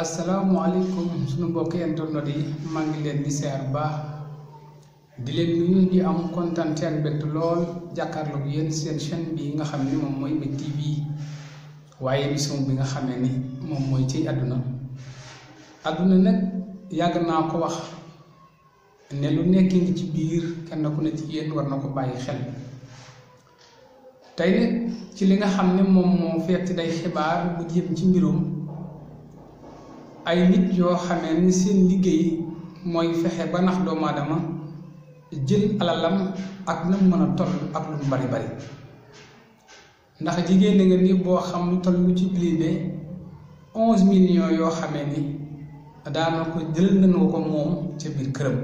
asalaamualeykum suñu mbokki internet yi maa ngi leen di seer baax di leen nuyu di am kontaan ak lool jàkkaarloog yéen seen chaîne bi nga xam ne moom mooy Mbe TV waaye émission bi nga xamee ni moom mooy ci àdduna àdduna nag yàgg naa ko wax ne lu nekk ci biir kenn ku ne ci yéen war na ko bàyyi xel tey nag ci li nga xam ne moom moo fekk day xibaar bu jëm ci mbiroom ay nit yoo xamee ni seen liggéey mooy fexe ba nax doomu madama jël alalam ak na mën a toll ak lu bari bari ndax jigéen nga ni boo xam lu toll ci blindé 11 millions yoo xamee ni daana ko jël nañu ko moom ca biir këram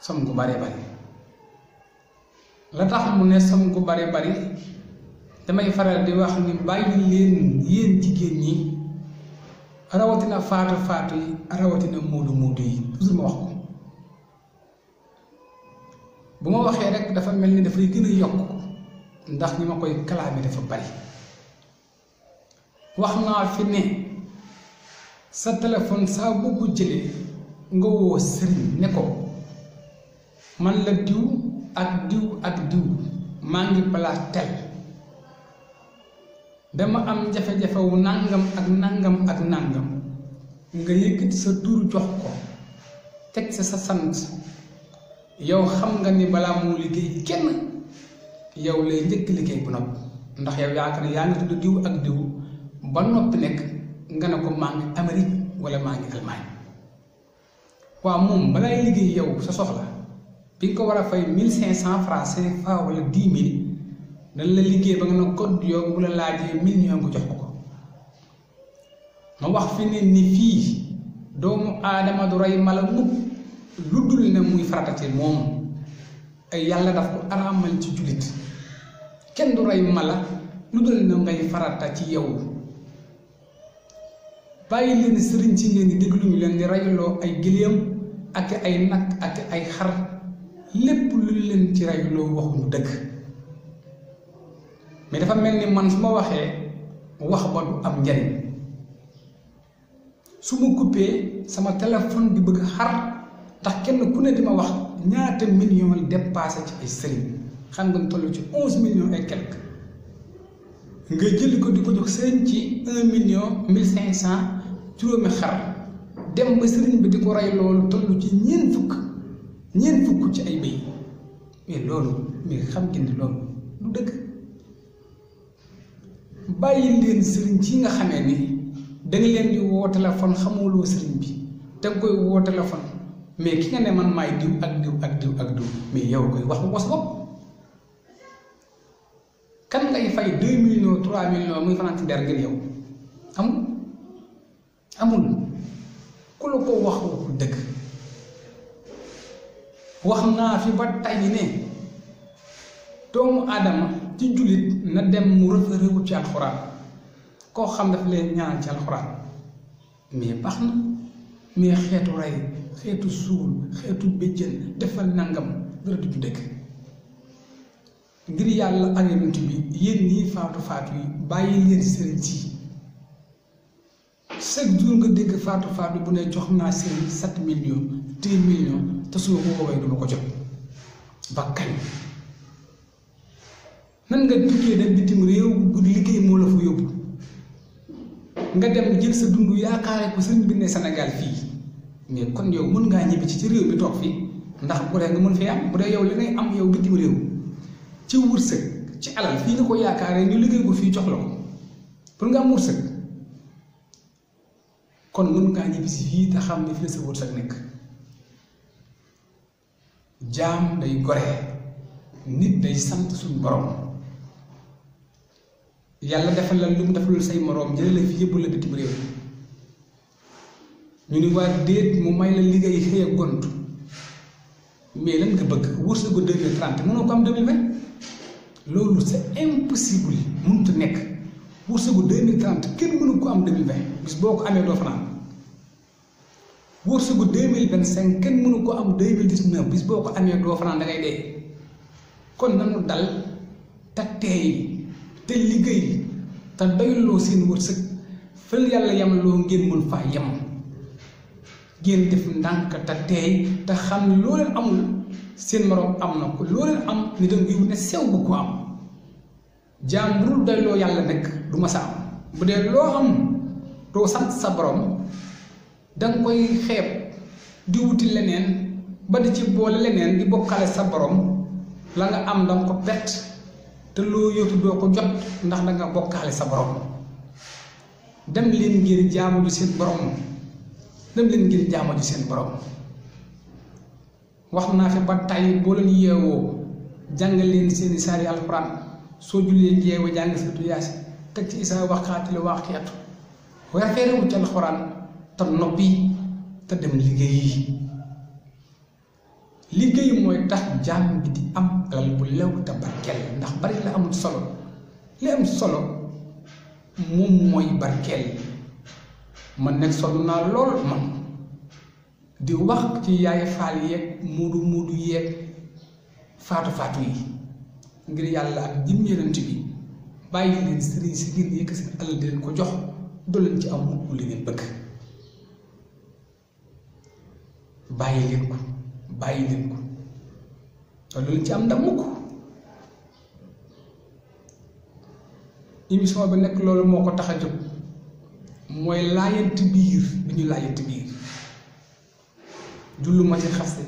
som gu bari bari la tax mu ne som gu bari bari damay faral di wax ni bàyyi leen yéen jigéen ñi rawatina faatu faatu yi rawatina muudu muudu yi toujours ma wax ko bu ma waxee rek dafa mel ni dafay gën a yokk ndax ñi ma koy kalaame dafa bari wax naa fi ne sa téléphone saa boobu jëlee nga woo sëriñ ne ko man la diw ak diw ak diw maa ngi place tel dama am jafe-jafe wu ak nangam ak nangam nga yëkkati sa tur jox ko teg sa sa sant yow xam nga ni balaa moo liggéey kenn yow lay njëkk liggéey bu nopp ndax yow yaakaar ne yàlla ngi tudd diw ak diw ba noppi nekk nga ne ko maa ngi Amérique wala maa ngi Allemagne waaw moom balay liggéey yow sa soxla bi nga ko war a fay mille cinq cent francs CFA wala dix mille dana la liggéey ba nga ne code yow bu la laajee million nga jox ko ma wax fi ne ni fii doomu aadama du rey mala mukk lu dul ne muy farata ci moom ay yàlla daf ko araamal ci jullit kenn du rey mala lu dul ne ngay farata ci yow bàyyi leen sëriñ ci ngeen di déglu ñu leen di rayuloo ay gëléem ak ay nag ak ay xar lépp lu leen ci rayuloo waxuñu dëgg mais dafa mel ni man su ma waxee wax ba du am njariñ suma ma sama téléphone bi bëgg xar ndax kenn ku ne di ma wax ñaata millions yi dépassé ci ay sëriñ xam nga toll ci onze millions et quelques nga jël ko di ko jox sëriñ ci un million mille cinq cent juróomi xar dem ba sëriñ bi di ko rey loolu toll ci ñeent fukk ñeent fukk ci ay béy mais loolu mais xam ngeen loolu du dëgg. bàyyi leen sëriñ ci nga xame ni da leen di woo téléphone xamuloo sëriñ bi da nga koy woo téléphone mais ki nga ne man maay diw ak diw ak diw ak diw mais yow koy wax ko sa bopp kan ngay fay deux millions trois millions muy fanaan ci der ngir yow amul amul ku la ko wax waxul wax naa fi ba tey ne doomu aadama ci jullit na dem mu référé wu ci alxuraan koo xam daf leen ñaan ci alxuraan mais baax na mais xeetu rey xeetu suul xeetu béjjén defal nangam dara du dëkk ngir yàlla ak yonent bi yéen ñii faatu faatu yi bàyyi leen sëriñ si chaque jour nga dégg faatu faatu bu ne jox naa sëriñ sept millions dix millions te su ma ko woowee du ko jot ba nan nga tukkee dem bitim réew bu liggéey moo la fa yóbbu nga dem jël sa dund yaakaare ko sëriñ bi ne Sénégal fii mais kon yow mën ngaa ñibbi ci ci réew mi toog fi ndax bu dee nga mën fee am bu dee yow li ngay am yow bitim réew ci wërsëg ci alal fii nga ko yaakaaree ñu liggéey ko fii jox la ko pour nga am wërsëg kon mën ngaa ñibbi si fii te xam ne fii la sa wërsëg nekk jaam day gore nit day sant suñu borom. yàlla defal la lu mu def defalul say moroom jële la fi yóbbu la bitim réew ñu ni waa déet mu may la liggéey xëy a gont mais lan nga bëgg wërsëgu 2030 mënoo ko am 2020 loolu c'est impossible mënut a nekk wërsëgu 2030 kenn mënu ko am 2020 bis boo ko amee doo fanaan wërsëgu 2025 kenn mënu ko am 2019 bis boo ko amee doo fanaan da ngay dee kon nanu dal te tey liggéey te doyloo seen wërsëg fël yàlla yem loo ngeen fa faa yem ngeen def ndànk te teey te xam ne loo amul seen moroom am na ko loo leen am ni da ngay ne sew bu ko am jaam bu dul doyloo yàlla nekk du sa am bu dee loo am doo sant sa borom danga koy xeeb di wuti leneen ba di ci boole leneen di bokkale sa borom la nga am danga ko pett te loo yóotu doo ko jot ndax danga bokkaale sa borom dem leen ngir jaamu ju seen borom dem leen ngir jaamu ju seen borom wax naa fi ba tey boo leen yeewoo jàng leen seeni saari alxuraan soo jullee yeewoo jàng sa tuyaasi teg ci isaa waxaatile waxeetu refeerewul ci alxuraan te noppi te dem liggéeyi liggéey mooy tax jaam bi di am alal bu lew te barkeel ndax bari la amul solo li am solo moom mooy barkeel man nekk solo naa lool man di wax ci yaay faal yeeg muudu muudu yeeg faatu faatu yi ngir yàlla ak jim yenent bi bàyyi leen sëriñ si ngir yëkk seen alal di leen ko jox du leen ci am mukk li ngeen bëgg bàyyi leen ko bàyyi leen ko te duñ ci am ndam ko émission ba nekk loolu moo ko tax a jóg mooy laayant biir bi ñu laayant biir jullu ma ci xaste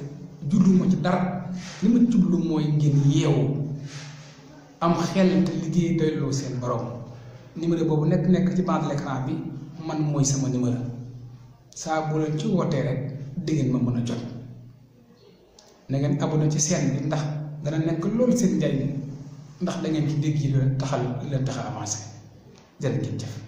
jullu ma ci dara li ma jublu mooy ngeen yeewu am xel te liggéey doyloo seen borom numéro boobu nekk nekk ci bande l'écran bi man mooy sama numéro saa bu leen ya, ci wootee rek dangeen ma mën a jot na ngeen na ci seen bi ndax dana nekk loolu seen njariñ ndax da ngeen ci dégg yi leen taxal leen tax a avancé jërë ngeen